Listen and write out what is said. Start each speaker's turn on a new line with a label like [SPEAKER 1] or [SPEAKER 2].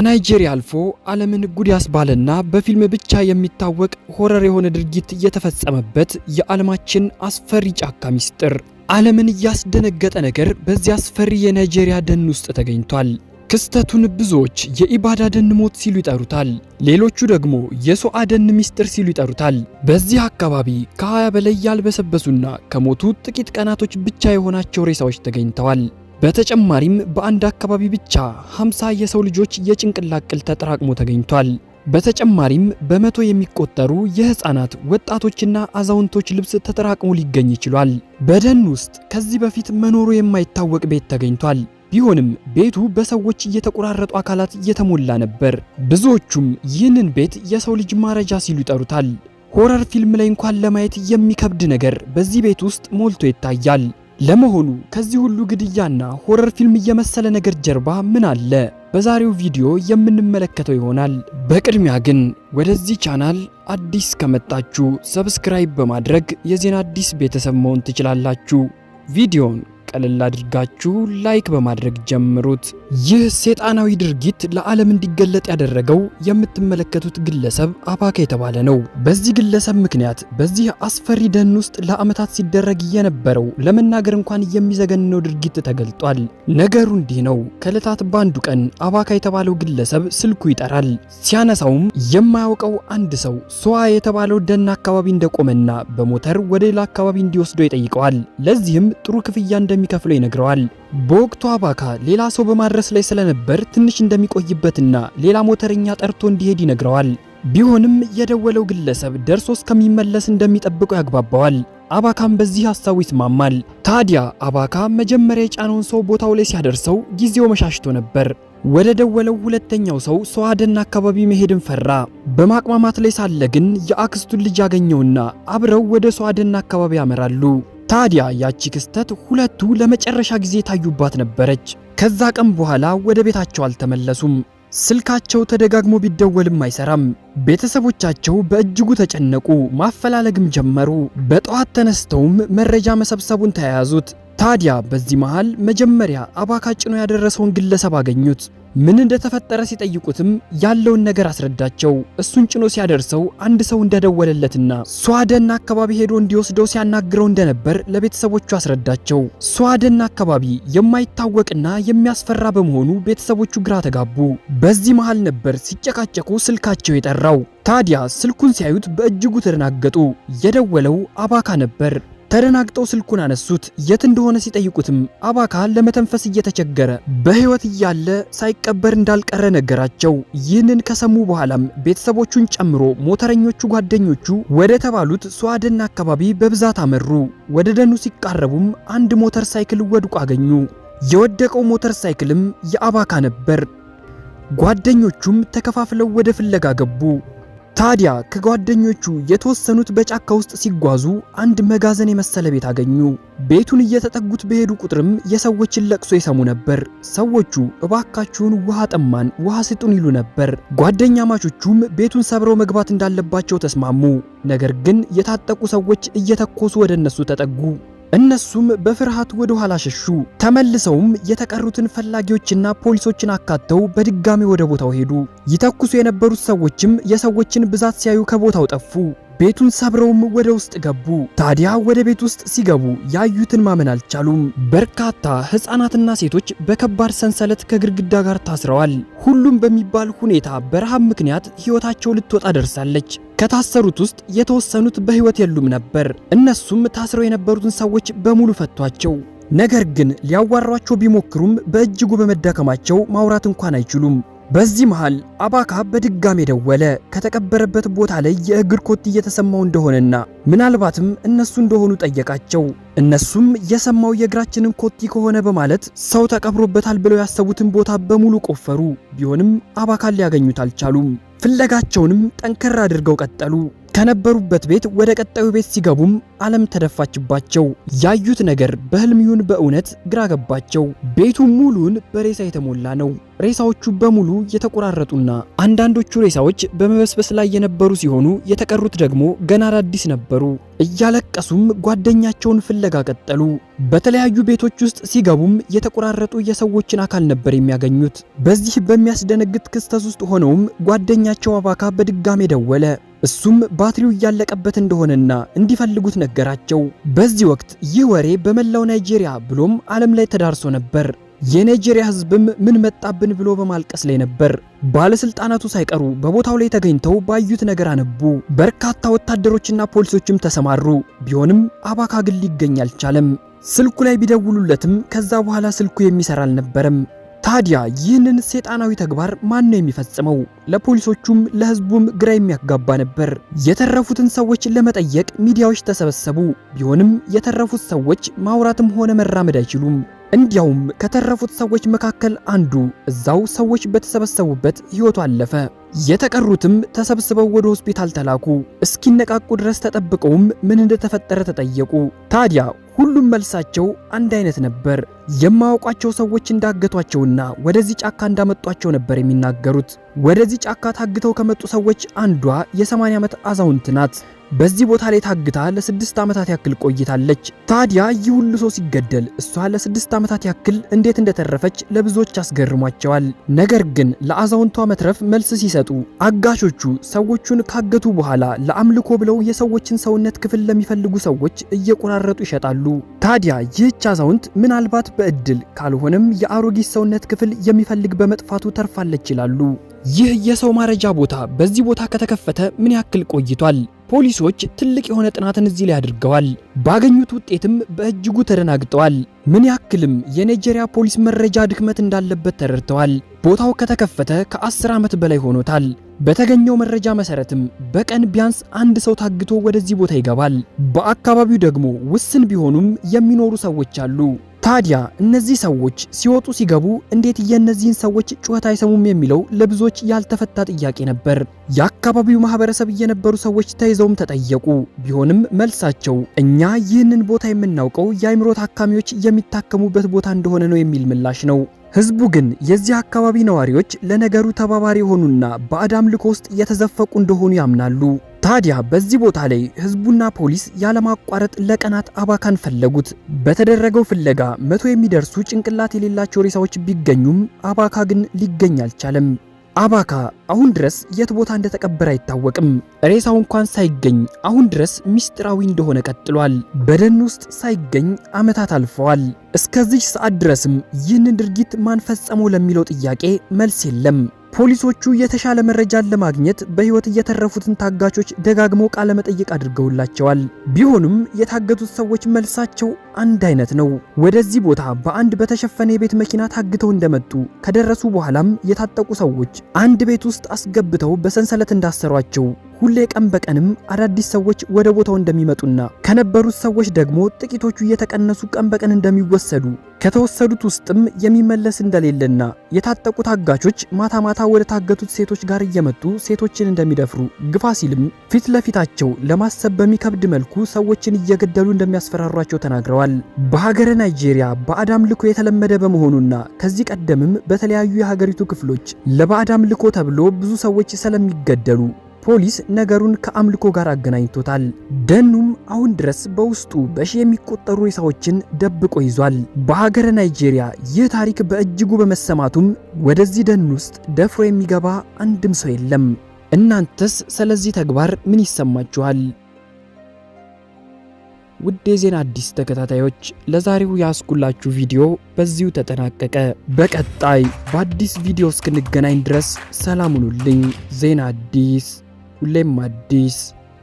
[SPEAKER 1] ከናይጄሪያ አልፎ ዓለምን ጉድ ያስባለና በፊልም ብቻ የሚታወቅ ሆረር የሆነ ድርጊት የተፈጸመበት የዓለማችን አስፈሪ ጫካ ሚስጥር። ዓለምን እያስደነገጠ ነገር በዚህ አስፈሪ የናይጄሪያ ደን ውስጥ ተገኝቷል። ክስተቱን ብዙዎች የኢባዳ ደን ሞት ሲሉ ይጠሩታል። ሌሎቹ ደግሞ የሶአ ደን ሚስጥር ሲሉ ይጠሩታል። በዚህ አካባቢ ከ20 በላይ ያልበሰበሱና ከሞቱ ጥቂት ቀናቶች ብቻ የሆናቸው ሬሳዎች ተገኝተዋል። በተጨማሪም በአንድ አካባቢ ብቻ 50 የሰው ልጆች የጭንቅላት ቅል ተጠራቅሞ ተገኝቷል። በተጨማሪም በመቶ የሚቆጠሩ የህፃናት ወጣቶችና አዛውንቶች ልብስ ተጠራቅሞ ሊገኝ ይችሏል። በደን ውስጥ ከዚህ በፊት መኖሩ የማይታወቅ ቤት ተገኝቷል። ቢሆንም ቤቱ በሰዎች የተቆራረጡ አካላት እየተሞላ ነበር። ብዙዎቹም ይህንን ቤት የሰው ልጅ ማረጃ ሲሉ ይጠሩታል። ሆረር ፊልም ላይ እንኳን ለማየት የሚከብድ ነገር በዚህ ቤት ውስጥ ሞልቶ ይታያል። ለመሆኑ ከዚህ ሁሉ ግድያና ሆረር ፊልም እየመሰለ ነገር ጀርባ ምን አለ? በዛሬው ቪዲዮ የምንመለከተው ይሆናል። በቅድሚያ ግን ወደዚህ ቻናል አዲስ ከመጣችሁ ሰብስክራይብ በማድረግ የዜና አዲስ ቤተሰብ መሆን ትችላላችሁ። ቪዲዮን ቀለል አድርጋችሁ ላይክ በማድረግ ጀምሩት። ይህ ሰይጣናዊ ድርጊት ለዓለም እንዲገለጥ ያደረገው የምትመለከቱት ግለሰብ አባካ የተባለ ነው። በዚህ ግለሰብ ምክንያት በዚህ አስፈሪ ደን ውስጥ ለዓመታት ሲደረግ የነበረው ለመናገር እንኳን የሚዘገንነው ድርጊት ተገልጧል። ነገሩ እንዲህ ነው። ከዕለታት በአንዱ ቀን አባካ የተባለው ግለሰብ ስልኩ ይጠራል። ሲያነሳውም የማያውቀው አንድ ሰው ሶዋ የተባለው ደን አካባቢ እንደቆመና በሞተር ወደ ሌላ አካባቢ እንዲወስደው ይጠይቀዋል። ለዚህም ጥሩ ክፍያ እንደሚከፍለው ይነግረዋል። በወቅቱ አባካ ሌላ ሰው በማድረስ ላይ ስለነበር ትንሽ እንደሚቆይበትና ሌላ ሞተረኛ ጠርቶ እንዲሄድ ይነግረዋል። ቢሆንም የደወለው ግለሰብ ደርሶ እስከሚመለስ እንደሚጠብቀው ያግባባዋል። አባካም በዚህ ሀሳቡ ይስማማል። ታዲያ አባካ መጀመሪያ የጫነውን ሰው ቦታው ላይ ሲያደርሰው ጊዜው መሻሽቶ ነበር። ወደ ደወለው ሁለተኛው ሰው ሰዋደና አካባቢ መሄድን ፈራ። በማቅማማት ላይ ሳለ ግን የአክስቱን ልጅ ያገኘውና አብረው ወደ ሰዋደና አካባቢ ያመራሉ። ታዲያ ያቺ ክስተት ሁለቱ ለመጨረሻ ጊዜ ታዩባት ነበረች። ከዛ ቀን በኋላ ወደ ቤታቸው አልተመለሱም። ስልካቸው ተደጋግሞ ቢደወልም አይሰራም። ቤተሰቦቻቸው በእጅጉ ተጨነቁ፣ ማፈላለግም ጀመሩ። በጠዋት ተነስተውም መረጃ መሰብሰቡን ተያያዙት። ታዲያ በዚህ መሃል መጀመሪያ ጭኖ ያደረሰውን ግለሰብ አገኙት። ምን እንደተፈጠረ ሲጠይቁትም ያለውን ነገር አስረዳቸው። እሱን ጭኖ ሲያደርሰው አንድ ሰው እንደደወለለትና ሷደን አካባቢ ሄዶ እንዲወስደው ሲያናግረው እንደነበር ለቤተሰቦቹ አስረዳቸው። ሷደን አካባቢ የማይታወቅና የሚያስፈራ በመሆኑ ቤተሰቦቹ ግራ ተጋቡ። በዚህ መሃል ነበር ሲጨቃጨቁ ስልካቸው የጠራው። ታዲያ ስልኩን ሲያዩት በእጅጉ ተደናገጡ። የደወለው አባካ ነበር። ተደናግጠው ስልኩን አነሱት። የት እንደሆነ ሲጠይቁትም አባካ ለመተንፈስ እየተቸገረ በህይወት እያለ ሳይቀበር እንዳልቀረ ነገራቸው። ይህንን ከሰሙ በኋላም ቤተሰቦቹን ጨምሮ ሞተረኞቹ ጓደኞቹ ወደ ተባሉት ሷደን አካባቢ በብዛት አመሩ። ወደ ደኑ ሲቃረቡም አንድ ሞተር ሳይክል ወድቆ አገኙ። የወደቀው ሞተር ሳይክልም የአባካ ነበር። ጓደኞቹም ተከፋፍለው ወደ ፍለጋ ገቡ። ታዲያ ከጓደኞቹ የተወሰኑት በጫካ ውስጥ ሲጓዙ አንድ መጋዘን የመሰለ ቤት አገኙ። ቤቱን እየተጠጉት በሄዱ ቁጥርም የሰዎችን ለቅሶ ይሰሙ ነበር። ሰዎቹ እባካችሁን ውሃ ጠማን፣ ውሃ ስጡን ይሉ ነበር። ጓደኛማቾቹም ቤቱን ሰብረው መግባት እንዳለባቸው ተስማሙ። ነገር ግን የታጠቁ ሰዎች እየተኮሱ ወደ እነሱ ተጠጉ። እነሱም በፍርሃት ወደ ኋላ ሸሹ። ተመልሰውም የተቀሩትን ፈላጊዎችና ፖሊሶችን አካተው በድጋሚ ወደ ቦታው ሄዱ። ይተኩሱ የነበሩት ሰዎችም የሰዎችን ብዛት ሲያዩ ከቦታው ጠፉ። ቤቱን ሰብረውም ወደ ውስጥ ገቡ። ታዲያ ወደ ቤት ውስጥ ሲገቡ ያዩትን ማመን አልቻሉም። በርካታ ሕፃናትና ሴቶች በከባድ ሰንሰለት ከግድግዳ ጋር ታስረዋል። ሁሉም በሚባል ሁኔታ በረሃብ ምክንያት ሕይወታቸው ልትወጣ ደርሳለች። ከታሰሩት ውስጥ የተወሰኑት በህይወት የሉም ነበር። እነሱም ታስረው የነበሩትን ሰዎች በሙሉ ፈቷቸው። ነገር ግን ሊያዋሯቸው ቢሞክሩም በእጅጉ በመዳከማቸው ማውራት እንኳን አይችሉም። በዚህ መሃል አባካ በድጋሜ ደወለ። ከተቀበረበት ቦታ ላይ የእግር ኮት እየተሰማው እንደሆነና ምናልባትም እነሱ እንደሆኑ ጠየቃቸው። እነሱም የሰማው የእግራችንን ኮቲ ከሆነ በማለት ሰው ተቀብሮበታል ብለው ያሰቡትን ቦታ በሙሉ ቆፈሩ። ቢሆንም አባካን ሊያገኙት አልቻሉም። ፍለጋቸውንም ጠንከር አድርገው ቀጠሉ። ከነበሩበት ቤት ወደ ቀጣዩ ቤት ሲገቡም ዓለም ተደፋችባቸው። ያዩት ነገር በህልም ይሁን በእውነት ግራ ገባቸው። ቤቱ ሙሉን በሬሳ የተሞላ ነው። ሬሳዎቹ በሙሉ የተቆራረጡና አንዳንዶቹ ሬሳዎች በመበስበስ ላይ የነበሩ ሲሆኑ የተቀሩት ደግሞ ገና አዳዲስ ነበሩ። እያለቀሱም ጓደኛቸውን ፍለጋ ቀጠሉ። በተለያዩ ቤቶች ውስጥ ሲገቡም የተቆራረጡ የሰዎችን አካል ነበር የሚያገኙት። በዚህ በሚያስደነግጥ ክስተት ውስጥ ሆነውም ጓደኛቸው አባካ በድጋሜ ደወለ። እሱም ባትሪው እያለቀበት እንደሆነና እንዲፈልጉት ነገራቸው። በዚህ ወቅት ይህ ወሬ በመላው ናይጄሪያ ብሎም ዓለም ላይ ተዳርሶ ነበር። የናይጄሪያ ሕዝብም ምን መጣብን ብሎ በማልቀስ ላይ ነበር። ባለስልጣናቱ ሳይቀሩ በቦታው ላይ ተገኝተው ባዩት ነገር አነቡ። በርካታ ወታደሮችና ፖሊሶችም ተሰማሩ። ቢሆንም አባካ ግን ሊገኝ አልቻለም። ስልኩ ላይ ቢደውሉለትም ከዛ በኋላ ስልኩ የሚሰራ አልነበረም። ታዲያ ይህንን ሰይጣናዊ ተግባር ማን ነው የሚፈጽመው? ለፖሊሶቹም ለህዝቡም ግራ የሚያጋባ ነበር። የተረፉትን ሰዎች ለመጠየቅ ሚዲያዎች ተሰበሰቡ። ቢሆንም የተረፉት ሰዎች ማውራትም ሆነ መራመድ አይችሉም። እንዲያውም ከተረፉት ሰዎች መካከል አንዱ እዛው ሰዎች በተሰበሰቡበት ህይወቱ አለፈ። የተቀሩትም ተሰብስበው ወደ ሆስፒታል ተላኩ። እስኪነቃቁ ድረስ ተጠብቀውም ምን እንደተፈጠረ ተጠየቁ። ታዲያ ሁሉም መልሳቸው አንድ አይነት ነበር። የማያውቋቸው ሰዎች እንዳገቷቸውና ወደዚህ ጫካ እንዳመጧቸው ነበር የሚናገሩት። ወደዚህ ጫካ ታግተው ከመጡ ሰዎች አንዷ የ80 ዓመት አዛውንት ናት። በዚህ ቦታ ላይ ታግታ ለስድስት ዓመታት ያክል ቆይታለች። ታዲያ ይህ ሁሉ ሰው ሲገደል እሷ ለስድስት ዓመታት ያክል እንዴት እንደተረፈች ለብዙዎች አስገርሟቸዋል። ነገር ግን ለአዛውንቷ መትረፍ መልስ ሲሰጡ አጋሾቹ ሰዎቹን ካገቱ በኋላ ለአምልኮ ብለው የሰዎችን ሰውነት ክፍል ለሚፈልጉ ሰዎች እየቆራረጡ ይሸጣሉ። ታዲያ ይህች አዛውንት ምናልባት በእድል ካልሆነም የአሮጊት ሰውነት ክፍል የሚፈልግ በመጥፋቱ ተርፋለች ይላሉ። ይህ የሰው ማረጃ ቦታ በዚህ ቦታ ከተከፈተ ምን ያክል ቆይቷል? ፖሊሶች ትልቅ የሆነ ጥናትን እዚህ ላይ አድርገዋል። ባገኙት ውጤትም በእጅጉ ተደናግጠዋል። ምን ያክልም የናይጄሪያ ፖሊስ መረጃ ድክመት እንዳለበት ተረድተዋል። ቦታው ከተከፈተ ከ10 ዓመት በላይ ሆኖታል። በተገኘው መረጃ መሰረትም በቀን ቢያንስ አንድ ሰው ታግቶ ወደዚህ ቦታ ይገባል። በአካባቢው ደግሞ ውስን ቢሆኑም የሚኖሩ ሰዎች አሉ። ታዲያ እነዚህ ሰዎች ሲወጡ ሲገቡ እንዴት የእነዚህን ሰዎች ጩኸት አይሰሙም የሚለው ለብዙዎች ያልተፈታ ጥያቄ ነበር። የአካባቢው ማህበረሰብ የነበሩ ሰዎች ተይዘውም ተጠየቁ። ቢሆንም መልሳቸው እኛ ይህንን ቦታ የምናውቀው የአይምሮ ታካሚዎች የሚታከሙበት ቦታ እንደሆነ ነው የሚል ምላሽ ነው። ህዝቡ ግን የዚህ አካባቢ ነዋሪዎች ለነገሩ ተባባሪ የሆኑና ባዕድ አምልኮ ውስጥ የተዘፈቁ እንደሆኑ ያምናሉ። ታዲያ በዚህ ቦታ ላይ ህዝቡና ፖሊስ ያለማቋረጥ ለቀናት አባካን ፈለጉት። በተደረገው ፍለጋ መቶ የሚደርሱ ጭንቅላት የሌላቸው ሬሳዎች ቢገኙም አባካ ግን ሊገኝ አልቻለም። አባካ አሁን ድረስ የት ቦታ እንደተቀበረ አይታወቅም። ሬሳው እንኳን ሳይገኝ አሁን ድረስ ሚስጥራዊ እንደሆነ ቀጥሏል። በደን ውስጥ ሳይገኝ ዓመታት አልፈዋል። እስከዚህ ሰዓት ድረስም ይህንን ድርጊት ማን ፈጸመው ለሚለው ጥያቄ መልስ የለም። ፖሊሶቹ የተሻለ መረጃን ለማግኘት በህይወት እየተረፉትን ታጋቾች ደጋግመው ቃለ መጠይቅ አድርገውላቸዋል። ቢሆንም የታገቱት ሰዎች መልሳቸው አንድ አይነት ነው። ወደዚህ ቦታ በአንድ በተሸፈነ የቤት መኪና ታግተው እንደመጡ ከደረሱ በኋላም የታጠቁ ሰዎች አንድ ቤት ውስጥ አስገብተው በሰንሰለት እንዳሰሯቸው ሁሌ ቀን በቀንም አዳዲስ ሰዎች ወደ ቦታው እንደሚመጡና ከነበሩት ሰዎች ደግሞ ጥቂቶቹ እየተቀነሱ ቀን በቀን እንደሚወሰዱ ከተወሰዱት ውስጥም የሚመለስ እንደሌለና የታጠቁ ታጋቾች ማታ ማታ ወደ ታገቱት ሴቶች ጋር እየመጡ ሴቶችን እንደሚደፍሩ ግፋ ሲልም ፊት ለፊታቸው ለማሰብ በሚከብድ መልኩ ሰዎችን እየገደሉ እንደሚያስፈራሯቸው ተናግረዋል። ቃል በሀገረ ናይጄሪያ ባዕድ አምልኮ የተለመደ በመሆኑና ከዚህ ቀደምም በተለያዩ የሀገሪቱ ክፍሎች ለባዕድ አምልኮ ተብሎ ብዙ ሰዎች ስለሚገደሉ ፖሊስ ነገሩን ከአምልኮ ጋር አገናኝቶታል። ደኑም አሁን ድረስ በውስጡ በሺ የሚቆጠሩ ሬሳዎችን ደብቆ ይዟል። በሀገረ ናይጄሪያ ይህ ታሪክ በእጅጉ በመሰማቱም ወደዚህ ደን ውስጥ ደፍሮ የሚገባ አንድም ሰው የለም። እናንተስ ስለዚህ ተግባር ምን ይሰማችኋል? ውድ የዜና አዲስ ተከታታዮች ለዛሬው ያስኩላችሁ ቪዲዮ በዚሁ ተጠናቀቀ። በቀጣይ በአዲስ ቪዲዮ እስክንገናኝ ድረስ ሰላም ሁኑልኝ። ዜና አዲስ ሁሌም አዲስ